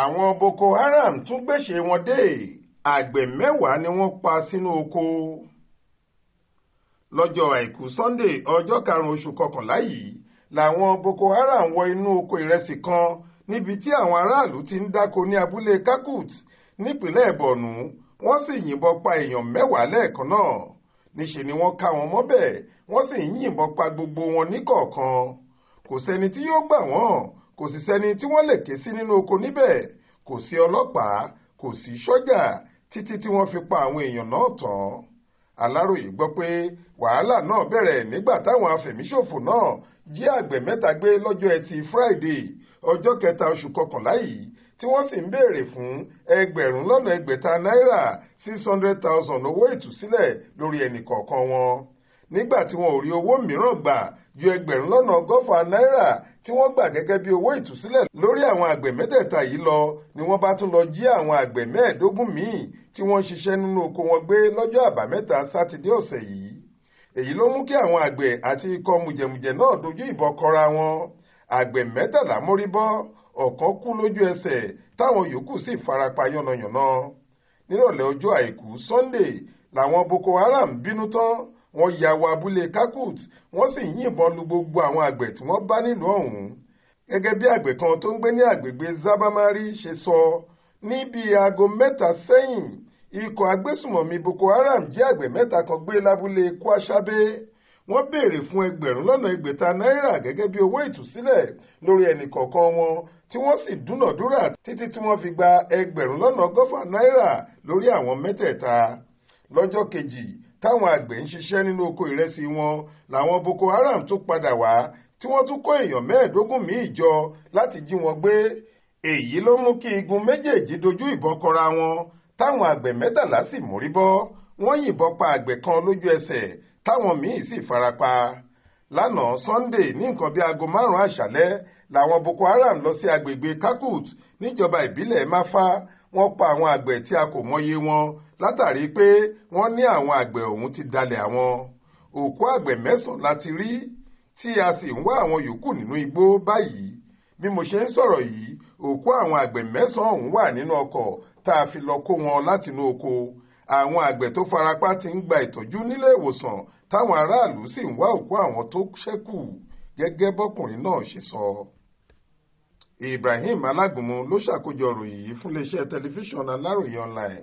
àwọn boko haram tún gbéṣẹ́ wọn dé àgbẹ̀ mẹ́wàá ni wọ́n pa sínú oko lọ́jọ́ àìkú sunday ọjọ́ karùn-ún oṣù kọkànlá yìí làwọn boko haram wọ inú oko ìrẹsì kan níbi tí àwọn aráàlú ti ń dáko ní abúlé kakut nípínlẹ̀ borno wọ́n sì yìnbọn pa èèyàn mẹ́wàá lẹ́ẹ̀kan náà níṣe ni wọ́n ká wọn mọ́bẹ̀ wọ́n sì ń yìnbọn pa gbogbo wọn níkọ̀ọ̀kan kò sẹ́ni tí yóò gbà wọ́n kò sì sẹ́ni tí wọ́n lè ké sí nínú oko níbẹ̀ kò sí ọlọ́pàá kò sí sọ́jà títí tí wọ́n fi pa àwọn èèyàn náà tán aláròye gbọ́ pé wàhálà náà bẹ̀rẹ̀ nígbà táwọn afẹ̀míṣòfò náà jí àgbẹ̀ mẹ́ta gbé lọ́jọ́ ẹtì friday ọjọ́ kẹta oṣù kọkànlá yìí tí wọ́n sì ń béèrè fún ẹgbẹ̀rún lọ́nà ẹgbẹ̀ta náírà six hundred thousand owó ìtúsílẹ̀ lórí ẹnì kọ̀ọ̀kan wọn nígbà tí wọn ò rí owó mìíràn gbà ju ẹgbẹ̀rún lọ́nà ọgọ́fà náírà tí wọ́n gbà gẹ́gẹ́ bí owó ìtúsílẹ̀ lórí àwọn àgbẹ̀ mẹ́tẹ̀ẹ̀ta yìí lọ ni wọ́n bá tún lọ jí àwọn àgbẹ̀ mẹ́ẹ̀ẹ́dógún míì tí wọ́n ń ṣiṣẹ́ nínú oko wọn gbé lọ́jọ́ àbámẹ́ta sátidé ọ̀sẹ̀ yìí èyí ló mú kí àwọn àgbẹ̀ àti ikọ̀ mùjẹ̀mùjẹ̀ náà dojú ìbọn kọra wọn àgbẹ̀ mẹ́tàlá mórí bọ́ ọ̀kan kú lójú ẹsẹ̀ táwọn yòókù sì farapa yánnayànna nírọ̀lẹ́ ọjọ́ àìkú Sunday làwọn Boko Haram bínú tán wọ́n ya wọ abúlé kakut wọ́n sì yìnbọn lu gbogbo àwọn àgbẹ̀ tí wọ́n bá nílùú ọ̀hún gẹ́gẹ́ bí àgbẹ̀ kan tó ń gbé ní àgbègbè zabamari ṣe sọ ní bíi aago mẹ́ta sẹ́yìn ikọ̀ agbésùmọ̀mí boko haram jí àgbẹ̀ mẹ́ta kan gbé lábúlé kwashabe wọ́n béèrè fún ẹgbẹ̀rún lọ́nà ẹgbẹ̀ta náírà gẹ́gẹ́ bí owó ìtúsílẹ̀ lórí ẹnì kọ̀ọ̀kan wọn tí wọ́n sì dúnàdúrà títí tí wọ́n fi gba ẹgbẹ̀rún lọ́nà ọgọ́fà náírà lórí àwọn mẹ́tẹ̀ẹ̀ta lọ́jọ́ kejì táwọn àgbẹ̀ ń ṣiṣẹ́ nínú oko ìrẹsì wọn làwọn Boko Haram tún padà wá tí wọ́n tún kó èèyàn mẹ́ẹ̀ẹ́dógún míì jọ láti jí wọn gbé èyí ló mú kí igun méjèèjì dojú ìbọn kọra wọn táwọn àgbẹ̀ mẹ́tàlá sì mórí bọ́ wọ́n yìnbọn pa àgbẹ̀ kan lójú ẹsẹ̀ táwọn míì sì farapa lánàá Sunday ní nǹkan bíi aago márùn-ún àṣálẹ́ làwọn Boko Haram lọ sí agbègbè Kakut níjọba ìbílẹ̀ Mafa wọ́n pa àwọn àgbẹ̀ tí a kò mọye wọn látàrí pé wọ́n ní àwọn àgbẹ̀ ọ̀hún ti dalẹ̀ àwọn òkú àgbẹ̀ mẹ́sàn-án láti rí tí a sì ń wá àwọn yòókù nínú igbó báyìí bí mo ṣe ń sọ̀rọ̀ yìí òkú àwọn àgbẹ̀ mẹ́sàn-án ọ̀hún wà nínú ọkọ̀ tá a fi lọ kó wọn látinú oko àwọn àgbẹ̀ tó farapa ti ń gba ìtọ́jú nílé ìwòsàn táwọn aráàlú sì ń wá òkú àwọn tó ṣẹ́kù gẹ́gẹ́ bọ́kùnrin náà ṣe sọ. Ibrahim Alágúnmu ló ṣàkójọ ròyìn yìí fún iléeṣẹ́ tẹlifíṣàn Aláròye online